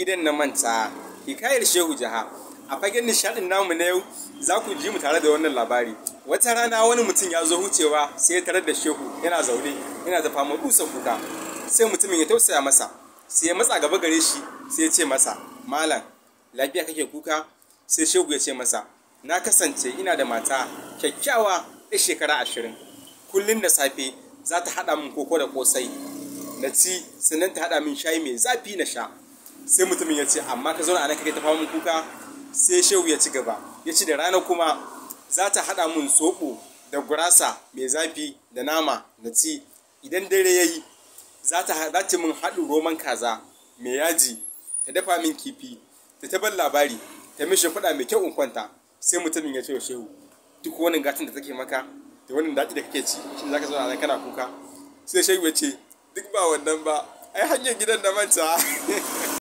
gidan na manta hikayar shehu jaha a fagen nishadin namu na yau za ku ji mu tare da wannan labari wata rana wani mutum ya zo hucewa sai ya tarar da shehu yana zaune yana da fama dusa kuka sai mutumin ya tausaya masa sai ya matsa gaba gare shi sai ya ce masa malam lafiya kake kuka sai shehu ya ce masa na kasance ina da mata kyakkyawa ya shekara ashirin kullum da safe za ta haɗa min koko da kosai na ci sannan ta haɗa min shayi mai zafi na sha sai mutumin ya ce amma ka zauna nan kake ta famun kuka sai shehu ya ci gaba ya ci da rana kuma za ta haɗa mun soɓo da gurasa mai zafi da nama na ci idan dare ya yi za ta ci mun haɗin roman kaza mai yaji ta dafa min kifi ta tabar labari ta mishi faɗa mai kyau in kwanta sai mutumin ya ce wa shehu duk wani gatin da take maka da wani daɗi da kake ci shi za ka zauna nan kana kuka sai shehu ya ce duk ba wannan ba ai hanyar gidan da manta